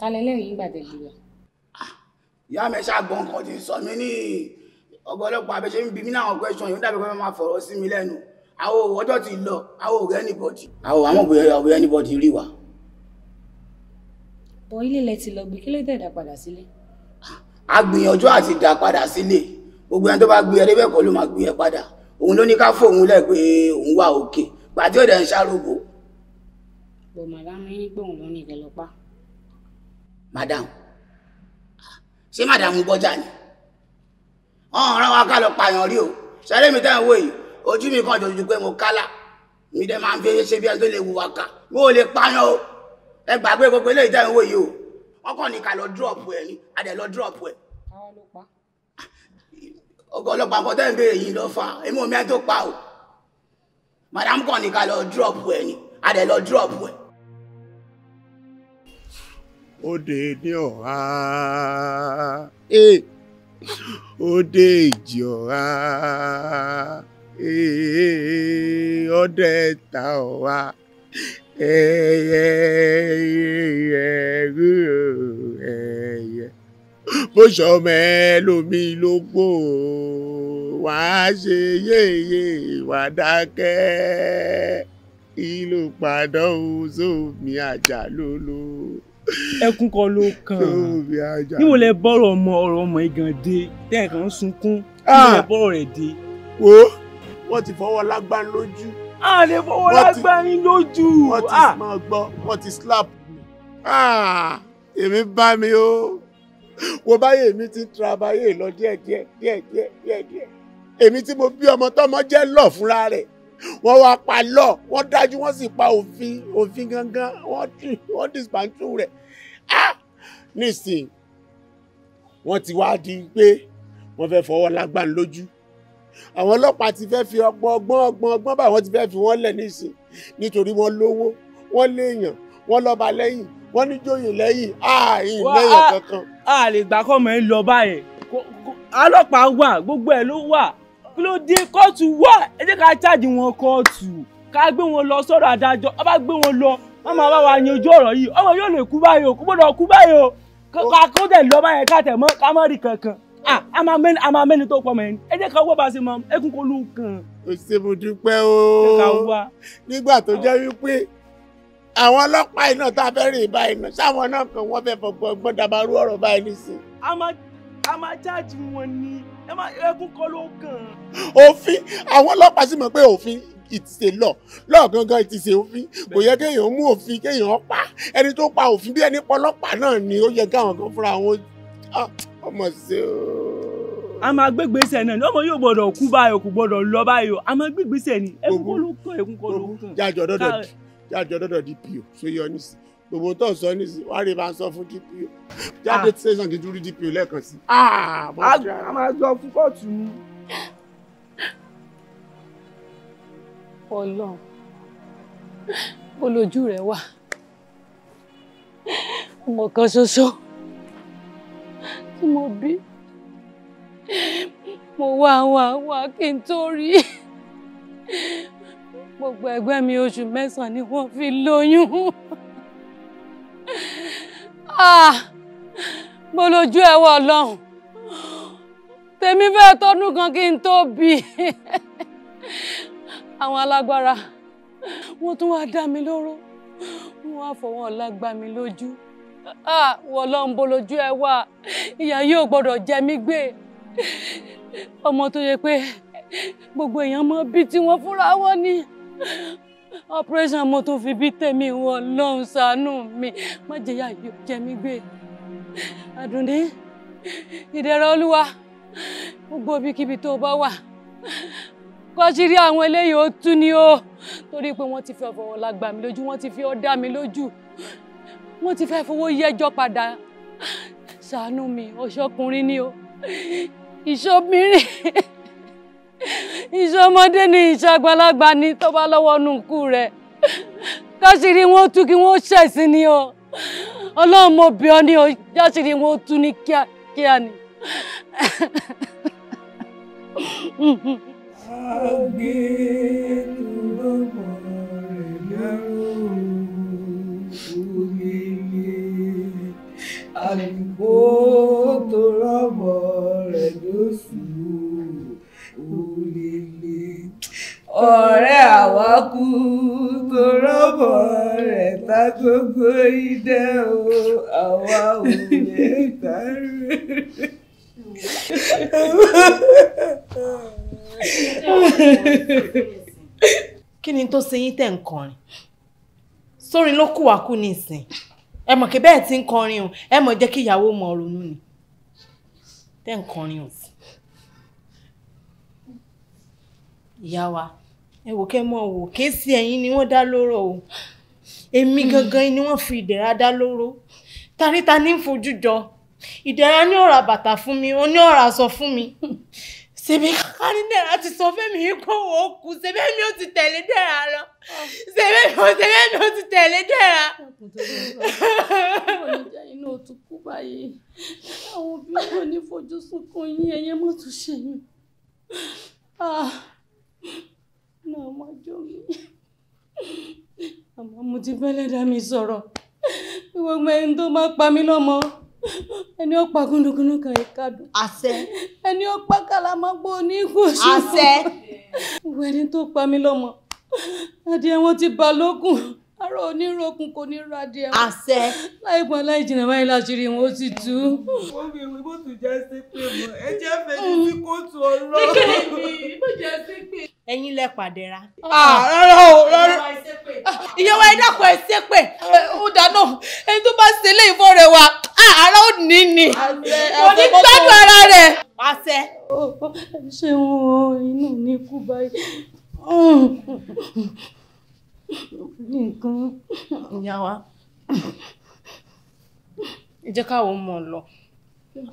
talẹ lẹ́yìn ìgbà tẹ̀lé lọ. Ah, ìyá mi ṣàgbọ́n nǹkan ti sọ mí ní ọgbọ́n ọlọ́pàá abẹ́ṣẹ́ ń bi mí náà question yìí ó dàbí pé wọ́n máa fọ̀rọ̀ sí mi lẹ́nu àwọn ọjọ́ ti lọ àwọn òwe anybody. àwọn àwọn òwe anybody rí wa. bọ̀ ilé ilẹ̀ ti lọ gbé kí ló dẹ̀ dà padà sílé. a gbìyànjú àti dà padà sílé gbogbo ẹni tó bá gbé ẹ débẹ̀ ló máa gbé ẹ padà òun ló ní ká fóun lẹ̀ pé òun wà òkè. Okay pàtí òde ń ṣàrògbò. bò màdàmú yín pé òun ló ní pa. màdàmú ṣé màdàmú bọ́jà ni ọ̀hún rán wa ká lọ pààyàn rí o ṣẹlẹ̀ mi táwọn wò yìí ojú mi kan jòjò pé mo kálà mi dẹ́ máa ń fi ṣe bí ẹni tó lè wù wá ká mo ò lè pààyàn o ẹ gbàgbé gbogbo eléyìí táwọn wò o wọn kàn lọ dúrọ̀pù ẹ̀ ni adẹ̀ lọ dúrọ̀pù ẹ̀. ọgọ ọlọ́pàá nǹkan tẹ́ ń béèrè yìí lọ fà á èmi ò mẹ́tò pa o madam kan ní ká lọ dúrọ̀pù ẹ̀ ni a dẹ̀ lọ dúrọ̀pù O òde ní ọ̀há òde ìjì ọ̀há ọdẹ ta ọ̀há eh mo ṣọmọ ẹlòmí lógbò wà á ṣe yéye wà dákẹ́ ìlú padàn sómi àjà lólo. ẹkún kan ló kàn án níbo lẹ bọ́rọ̀ ọmọ ọ̀rọ̀ ọmọ igan dé tẹ́ẹ̀kan ń sunkún ah! níbo lẹ bọ́rọ̀ rẹ̀ dé. wo wọ́n ti fọwọ́ lágbá lójú. a lè fọwọ́ lágbá yín lójú. wọ́n ti ah! máa gbọ́ wọ́n ti slap mi. Ah! èmi bá mi o wo báyé mi ti tra báyé lọ díẹ̀ díẹ̀ díẹ̀ díẹ̀ díẹ̀ díẹ̀ èmi tí mo bí ọmọ tọmọ jẹ́ lọ fúnra rẹ̀ wọ́n wá pa lọ wọ́n dájú wọ́n sì pa òfin òfin gangan wọ́n dìsbàntú rẹ̀ ah nísìn wọ́n ti wá di pé wọ́n fẹ́ fọwọ́ lágbàn lójú àwọn ọlọ́pàá ti fẹ́ fi ọgbọ́n ọgbọ́n ọgbọ́n ọgbọ́n bá wọn ti fẹ́ fi wọ́n lẹ̀ nísìn nítorí wọ́n lówó wọ́n léèyàn wọ́n lọ́ba lẹ́yìn wọ́n ní jóyè lẹ́yìn ààyìn lẹ́yìn kankan. a lè gbà kọ́ mọ̀ ẹ́ lọ báyẹn ọlọ́pàá wà gbogbo ẹ̀ ló wà kí ló dé kóòtù wà ẹ jẹ́ ká ṣáàjì wọn kóòtù ká gbé wọn lọ sọ́dọ̀ adájọ́ ọba gbé wọn lọ wọ́n máa bá wa yanjú ọ̀rọ̀ yìí ọmọ yóò lè kú báyìí o kó gbọ́dọ̀ kú báyìí o ká kó tẹ̀ lọ báyẹn ká tẹ̀ mọ́ ká má rí kankan a máa mẹ́ni a máa mẹ́ni tó pọ̀ mẹ́ni ẹ jẹ́ ká wọ́ bá a ṣe máa ẹkún kó lù kàn. òṣèlú dúpẹ́ o nígbà tó jẹ́ wípé àwọn ọlọ́pàá iná tá a fẹ́ rìn báyìí náà sáwọn náà kan wọ́n fẹ́ fọgbọ́n gbọ́n dàbàrú ọ̀rọ̀ báyìí nísìn. a máa jáàjì wọn ni ẹkún kọ́ ló kàn. òfin àwọn ọlọ́pàá sì mọ̀ pé òfin ìtìsẹ̀ lọ lọ́ọ̀gangan ìtìsẹ̀ òfin kò yẹ kéèyàn mú òfin kéèyàn pa ẹni tó pa òfin bí ẹni pọlọ́pàá náà ni ó yẹ káwọn kan fúnra wọn ah, ọmọ ṣe ooo a máa gbégbèsè náà lọmọ yóò gbọ́dọ̀ kú báyìí kò gbọ́dọ̀ lọ báyìí o a máa gbégbèsè ni ẹkún kọ ló kàn ẹkún kọ ló kàn. jájọ dọdọ jáde ọdọdọ DPO sóyè ọnísì gbogbo tó sọ nísì wàá rí máa sọ fún DPO jáde tẹsán kí n tún rí DPO lẹ́ẹ̀kan sí. Ah, a máa sọ fún kóòtù ni. Ọlọ́run olójú rẹ wà ọmọ kan ṣoṣo tí mo bí mo wá wá wá kí n tó rí i gbogbo ẹgbẹ́ mi oṣù mẹ́sàn-án ni wọ́n fi lóyún ah, mo lójú ẹwọ́ ọlọ́run tèmi fẹ́ tọ́dún kan kí n tó bí àwọn alágbára wọ́n tún wá dá mi lóró wọ́n wá fọwọ́ ọ̀la gbá mi lójú ah, wọ́n lọ́n bo lójú ẹ wà ìyá yóò gbọ́dọ̀ jẹ mí gbé ọmọ tó yẹ pé gbogbo èèyàn mọ bí tí wọ́n fúnra wọn ni operation mo tún fi bí tèmi wọ lọ́hùn ṣàánú mi má jẹ́yà yóò jẹ mí gbé àdùnní ìdẹ̀ra olúwa gbogbo ibikíbi tó bá wà kọ́sírí àwọn eléyìí ó tú ni ó torí pé wọ́n ti fẹ́ fọwọ́ lágbà mí lójú wọ́n ti fi ọ́ dá mi lójú wọ́n ti fẹ́ fowó yẹjọ́ padà ṣàánú mi ọ̀ṣọ́kùnrin ni ó ìṣọ́bìnrin iṣẹ́ ọmọdé ni iṣẹ́ àgbàlagbà ni tó bá lọ́wọ́ nù kú rẹ̀ káṣírí wọn tú kí wọ́n ṣẹ̀sí ni o ọlọ́run mo bí ọ ní o káṣírí wọn tú ní kíákíá ni. Àlùkò tó rọ̀bọ̀ rẹ̀ lóṣù lèlè ọ̀rẹ́ àwa kú tó rọ́bọ̀ rẹ̀ ta gbogbo idẹ o àwa ò lè dárú. kí ni tó ṣe yín tẹ̀ ń kọrin sórin ló kù wá kú ẹ mọ̀ kí bẹ́ẹ̀ ti ń kọrin o ẹ mọ̀ jẹ́ kí ìyàwó mọ̀ ronú ni tẹ́ ń kọrin o sí. ìyá wa ẹ wò kẹ́ mọ̀ wò ké sí ẹ̀yin ni wọ́n dá lóró o èmi hmm. gangan ni wọ́n fi ìdẹ̀ra dá lóró taríta ní fojú jọ ìdẹ̀ra ní ọ̀rọ̀ bàtà fún mi ó ní ọ̀rọ̀ aṣọ fún mi sèmi kárí dẹ̀ra ti sọ fẹ́mi kó o kú sèmi mi ò ti tẹ̀lé dẹ̀ra lọ sèmi mi ò sèmi mi ò ti tẹ̀lé dẹ̀ra. inú òtún kú báyìí àwọn òbí wọn ní fojú sunkún yín ẹyẹ mọ́tò ṣe yín. Ah náà mọ ọjọ́ mi àmọ́ mo ti fẹ́ lẹ́dá mi sọ̀rọ̀ gbogbo ẹni tó bá pa mí lọ́mọ ẹni ó pa gúndùgúndù kan ìkádùn. àṣẹ. ẹni ó pa kàlámọ́gbó ní ìkóṣù. àṣẹ. gbogbo ẹni tó pa mí lọ́mọ adìẹ wọn ti bà ará onírokun kò ní ra díẹ̀. àṣẹ. láì pọn láì jìnnà báyìí láṣìírí wọn ó sì tú. ó fi ìwé bóòtù já sí pé mo ẹ jẹ́ fẹ́ni tí kò tún ọ lọ. kékeré mi já sí pé. ẹ̀yin lẹ pàdé ra. Ah, ah, rárá o rárá. ìyẹ̀wò ẹ dàpọ̀ ẹ ṣépè ó dáná ẹni tó bá ṣe ilé ìfọ́ rẹ̀ wá ara ó ní ni kò ní gbádùn ara rẹ̀. àṣẹ. ṣé wọn inú ní kú báyìí nǹkan ìyá wa ẹ jẹ́ káwọn mọ̀ ọ́ lọ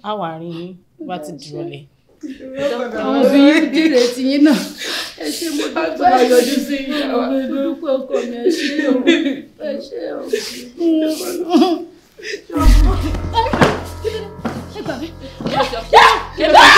á wà rí yín bá ti dìrọ̀lẹ́. àwọn obìnrin ń dìrẹ̀ tí yín náà ẹ ṣe mo dúpẹ́ ẹ yọjú sí ìyá wa mo dúpẹ́ ọkọ mi ẹ ṣe o ẹ ṣe o. ẹ gbà mí.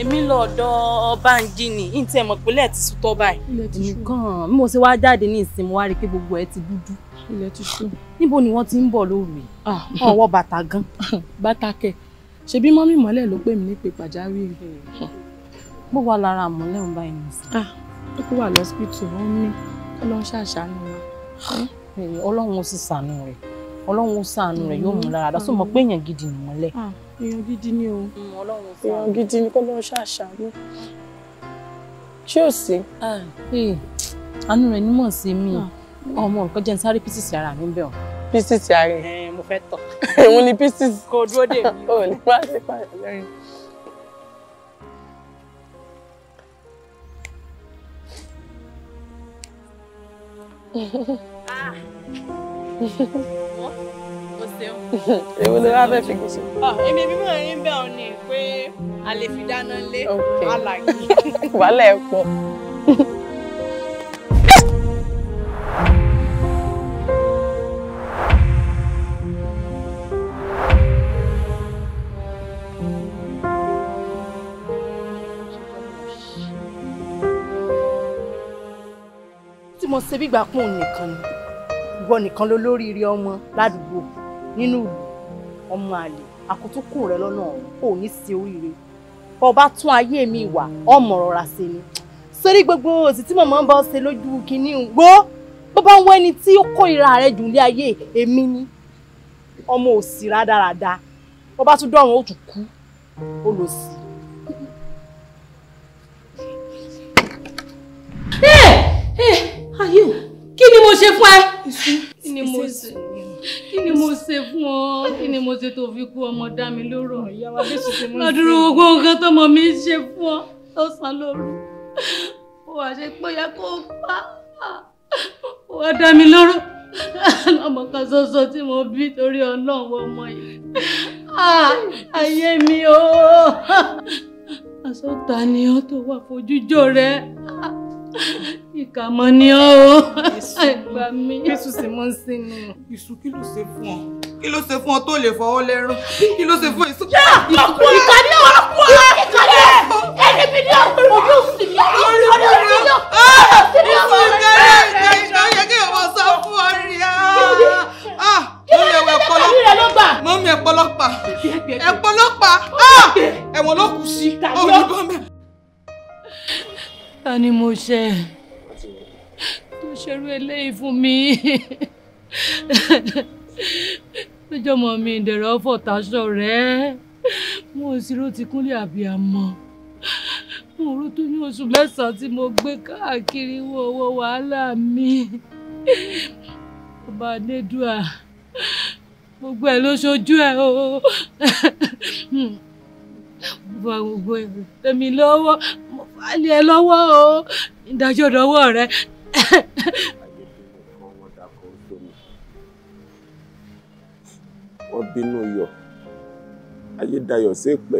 èmi lọ́ọ̀dọ̀ Bánjí ni ní tí ẹ mọ̀ pé lẹ́ẹ̀ ti sùn tọ́ báyìí. nìkan bí mo ṣe wá jáde ní ìsinmi wá rí i pé gbogbo ẹ ti dúdú. ilẹ̀ ti sùn. níbo ni wọ́n ti ń bọ̀ lóru yìí. Ah. ọwọ́ bàtà gan. bàtà kẹ̀ ṣebí mọ́mí mọ́lẹ̀ ló pè mí nípe pàjáwìrì. bó wà lára àmọ́lẹ̀ ń bá ẹ̀ nù sí. ó kó wà lọ́sibítù wọn ní ọlọ́run ṣàṣàánú wa. ọlọ́run ó sì ṣàánú rẹ̀ ọlọ́run ó ṣàánú rẹ̀ yóò mú lára èèyàn gidi ni o mm, èèyàn gidi ni kó lọ ṣàṣàlú ṣé ò ah, eh, sí. àánú rẹ ni mò ń ṣe mí ọmọ nǹkan jẹ́ ń sáré písìsì ara mi bẹ́ẹ̀ o. písìsì ara ẹ eh, mo fẹ́ tọ̀. èwo ni písìsì. kò dúró dè mí. o ní má ṣe pààyàn lẹ́yìn. Ah. ṣeun. èwo ló wá fẹ́ fi gùn sí. Ah, èmi bí mo ń bẹ̀ ọ́ ni pé a lè fi dáná lé alàgbé. wàhálà ẹ̀ pọ̀. tí mo ṣe bí ìgbà kún nìkan ni ìwọ nìkan ló lóríire ọmọ ládùúgbò nínú ìlú ọmọ àlè àkótókù rẹ lọ́nà ò ní sí oríire ọba tún ayé mi wà ọmọ rọra ṣe ni sórí gbogbo òsì tí màmá bá ṣe lójú kínní wo bó bá ń wọ ẹni tí ó kórìíra rẹ jù ní ayé èmi ni ọmọ òsì rádaràda ọba tún dọ̀rùn ó tún kú ó lọ sí i. Hey! kí ni mo ṣe fún ẹ. kí ni mo ṣe kí ni mo ṣe fún ọ kí ni mo ṣe tó fi kú ọmọ dá mi lóró lọ́dúró gbogbo nǹkan tọmọ mi ń ṣe fún ọ lọ́sàn-án lóru ó wàá ṣe pé ó yẹ kó pa ó wàá dá mi lóró ọmọ kan ṣoṣo tí mo bí torí ọlọ́run ọmọ yìí ayé mi o àsọta ni ó tó wà fojújọ rẹ ìkà mọ́ ni ọ́ o àìgbà mi. Jésù sì mọ́ sí ni. Ìṣù kí ló ṣe fún ọ? Kí ló ṣe fún ọ tó lè fọwọ́ lẹ́rán? Kí ló ṣe fún ìṣù? Yá ọkùnrin ìkà ni ọ̀rọ̀ fún ọ! Ìkà ni ẹni mi ni ọkùnrin yóò sì ní ọ̀rọ̀ sí ní ọ̀rọ̀ sí ní ọ̀rọ̀ sí ní ọ̀rọ̀ sí ní ọ̀rọ̀ sí ní ọ̀rọ̀ sí ní ọ̀rọ̀ sí ní ọ̀rọ̀ mọ́mí ẹ̀pọ̀lọpà ẹ̀pọ̀lọpà ah! ẹ̀wọ̀n ló kù sí òun ní ta ni mo ṣe tó ṣerú eléyìí fún mi lójọ́ ọmọ mi ìdẹ̀rọ̀ fọ̀tàṣọ rẹ̀ mo sì ró ti kúnlẹ̀ àbíàmọ mo rú tó ní oṣù mẹ́sàn-án tí mo gbé káàkiri wo owó wàhálà mi ọba adédùà gbogbo ẹ ló ṣojú ẹ o hmm. gbogbo ẹ tèmi lọ́wọ́ falẹ̀ ẹ lọ́wọ́ o ìdájọ́ dọwọ́ rẹ. wọ́n bínú yọ ayédayọ̀ ṣépè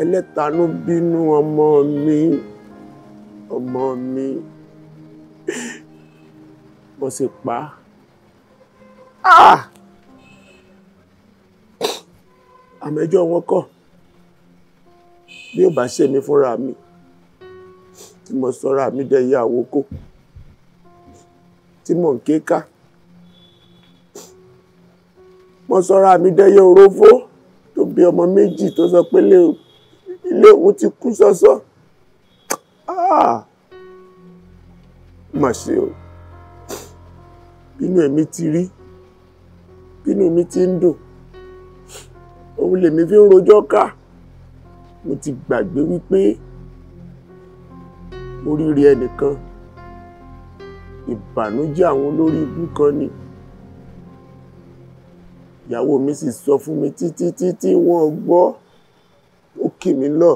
ẹlẹ́tanú bínú ọmọ mi ọmọ mi wọ́n sì pa á ah! àmẹ́jọ́ wọn kọ́ bí ó bá ṣe mi fúnra mi tí mo sọra mi dẹ̀yẹ àwòkọ́ tí mò ń ké ká mo sọra mi dẹ̀yẹ òrófó tó bí ọmọ méjì tó sọ pé ilé òun ti kú sọ́sọ́ ah! mà ṣe o bínú èmi ti rí bínú mi ti ń dùn òun lèmi fi ń rojọ́ ká mo ti gbàgbé wípé oríire ẹnìkan ìbànújẹ́ àwọn olórí ibú kan ni ìyàwó mi sì sọ fún mi títí títí wọ́n gbọ́ ó kì mí lọ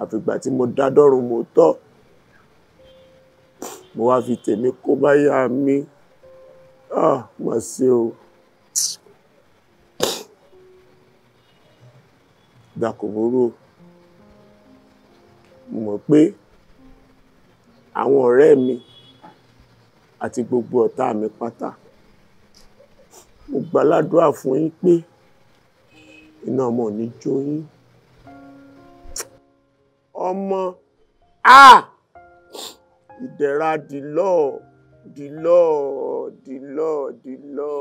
àfìgbà tí mo dá dọ́rùn mo tọ́ mo wá fi tèmi kó bá yá mi ah mà ṣe o. gbà kò burú mo mọ̀ pé àwọn ọ̀rẹ́ mi àti gbogbo ọ̀tá mi pátá mo gbàládùá fún yín pé iná ọmọ ní jó yín ọmọ a ìdẹ̀ra dìlọ́ dìlọ́ dìlọ́ dìlọ́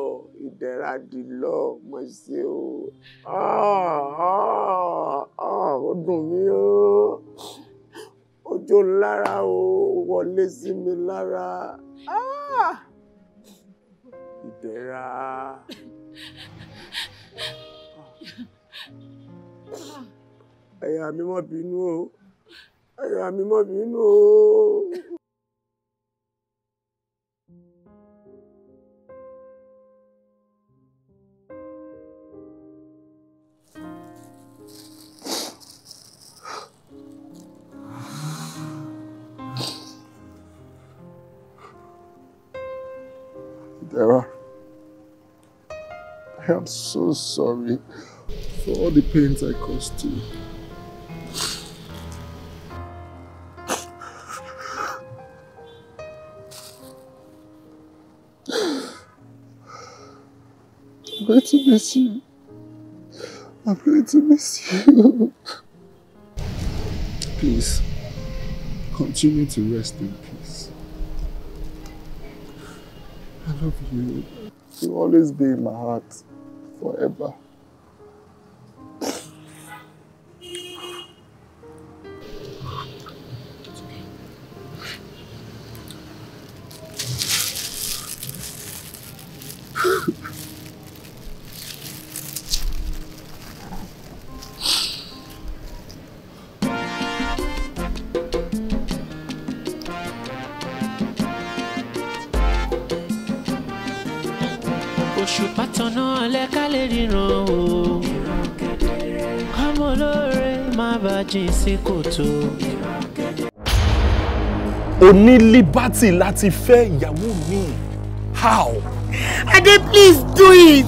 ìdẹ̀ra dìlọ́ mọ̀ sí o. Ah. tó lára o wọlé sí mi lára ah! ìdẹ̀ra. ẹ̀yà mi mọ́ bínú o ẹ̀yà mi mọ́ bínú o. I'm so sorry for all the pains I caused you. I'm going to miss you. I'm going to miss you. Please, continue to rest in peace. I love you. You'll always be in my heart forever. òṣùpá tanná alẹ́ ká lè ríran o. ọmọ olóore má bàa jìn sí kòtò. o ní líbátì láti fẹ́ ìyàwó mi how. Adé please do it.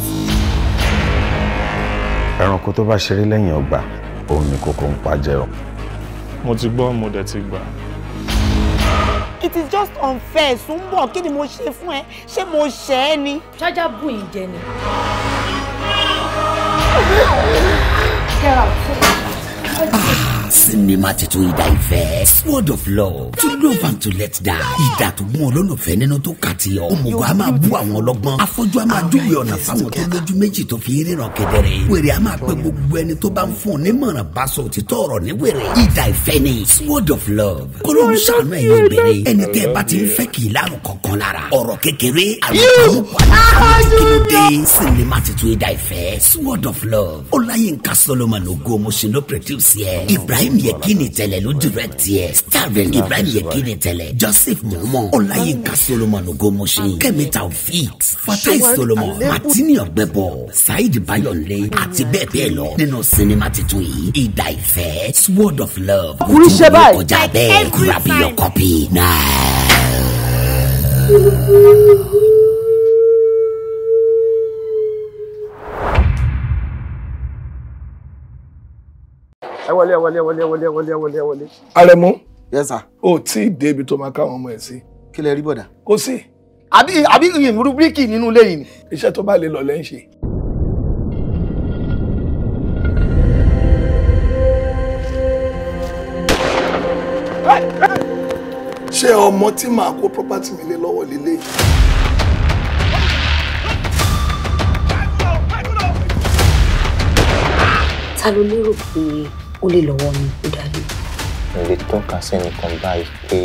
ẹranko tó bá ṣeré lẹ́yìn ọgbà òun ni kókó ń pa jẹun. mo ti gbọ́ mo dẹ̀ ti gbà it is just unfair Sùnbọ̀ kí ni mo ṣe fún ẹ ṣé mo ṣẹ̀ ẹ́ ni. ṣájà bù yín ni. Get out sinimá titun diverse word of love to love and to let die. ìdà tó mú ọlọ́lọ́fẹ́ nínú tó kà ti ọ. òmùgọ̀ a máa bú àwọn ọlọ́gbọ́n. afọ́jú a máa júwe ọ̀nà fáwọn tó lójú méjì tó fi ríran kedere. wèrè a máa pẹ́ gbogbo ẹni tó bá ń fún un ní mọ̀ràn bá sọ òtítọ́ ọ̀rọ̀ ní wèrè. ìdà ìfẹ́ ni word of love. kọ́lọ́run ṣàánú ẹ̀yin obìnrin. ẹni tẹ́ ẹ bá ti ń fẹ́ kì í láàrùn kankan lára. ọ̀rọ̀ kékeré àwọn ọmọ Ibrahim yekini tẹlẹ ló direct yẹ starring ibrahim yekini tẹlẹ joseph mọmọ ọláyínká solomon ogomoshe kẹmi taofik fatai solomon martini ọgbẹbọ saheed bayọlé àti bẹ́ẹ̀ bẹ́ẹ̀ lọ nínú sinimá titun yìí ìdá ìfẹ́ sword of love kúrú ṣe báyìí kọjá bẹ́ẹ̀ grab your copy now. ẹ wọlé ẹ wọlé ẹ wọlé ẹ wọlé ẹ wọlé ẹ wọlé ẹ wọlé. Àrẹ̀mú. yes sir. o tí ì débi tó máa káwọn ọmọ ẹ sí. kí lẹ rí bọ̀dà. kò sí. àbí àbí ìyìn rúbíríkì nínú ilé yìí iṣẹ́ tó bá lè lọ lẹ́ ń ṣe. ṣé ọmọ tí màá kó property mi lé lọ́wọ́ lélẹ̀ ta ló lérò pé ó lè lọ́wọ́ mi ó dàbí. mo lè tọ́ka sẹ́nìkan báyìí pé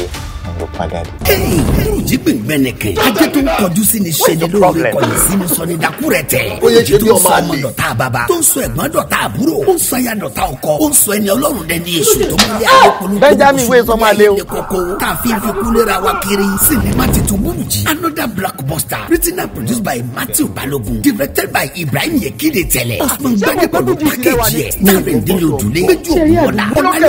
ló padà sọ ọmọ dọ̀tá ah! o. káfíń fi kúlera wa kiri sinimá titun bùjì another blockbuster written and produced by Matthew Balogun directed by Ibrahim Yekide tẹlẹ. àgbàgbọ́dọ̀ pàkẹ́jì ẹ̀ starring Dele Odule gbẹ́jú òkú ọ̀la ọ̀la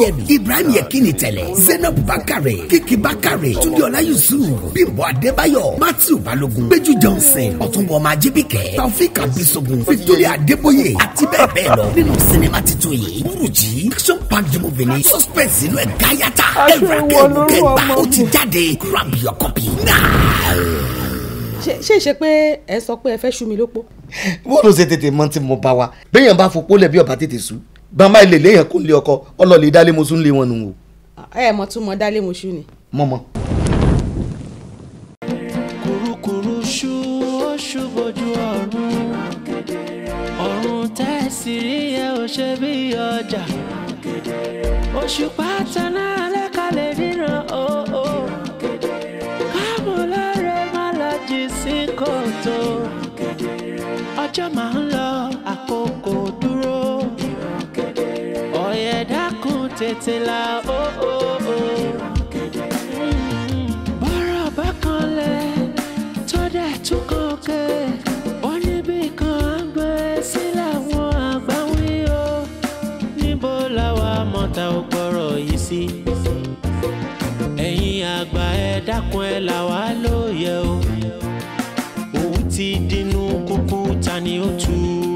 yẹ Ibrahim Yekide tẹlẹ ah! Zainab Bakare Adéwálé Kìkì Bákàrè Túndé Ọlá Yusuf Bímbọ́ Adébáyọ̀ Matthew Balógun Péjú Johnson Ọ̀túnbọ̀ ọmọ Ajibike Taofik Abisogun Victoria Adébóyè àti bẹ́ẹ̀ bẹ́ẹ̀ lọ nínú sinimá titun yìí Burújí action packed movie ni suspense inú ẹ̀ gáyàtà ẹ̀rọ akẹ́wò kẹgbà ó ti jáde grab your copy now ṣe ṣe pé ẹ sọ pé ẹ fẹ́ ṣú mi lópo. wọ́n ló ṣe tètè mọ tí mo bá wa béèyàn bá fopó lẹ̀ bí ọba tètè sú bàmá ilé léèyàn kò lé ọkọ ọlọ́ọ̀lẹ́ dálé mo sún lé wọn nù o ẹ mọ̀ tún mọ dálé mọṣú ni. mọmọ. kùrukùru ṣú ó ṣú bójú ọ̀run ọ̀run tẹ́sí rí ẹ ò ṣe bí ọjà oṣù pátánà alẹ́ kalẹ̀ ríran òó oh, oh. káàmù má lọ jì sí kòtò ọjọ́ máa ń fètèlà oh, oh, oh. ó ó ó. bọ́rọ̀ bá kan lẹ̀ tó dẹ̀ tún kàn ké wọ́n níbi kan á gbé sílẹ̀ wọn àgbà wí o níbo làwa mọ̀ta ò gbọ́rọ̀ yìí sí. ẹ̀yin àgbà ẹ dákun ẹ là lóye o òun ti dínú kúkú ta ni ó tu.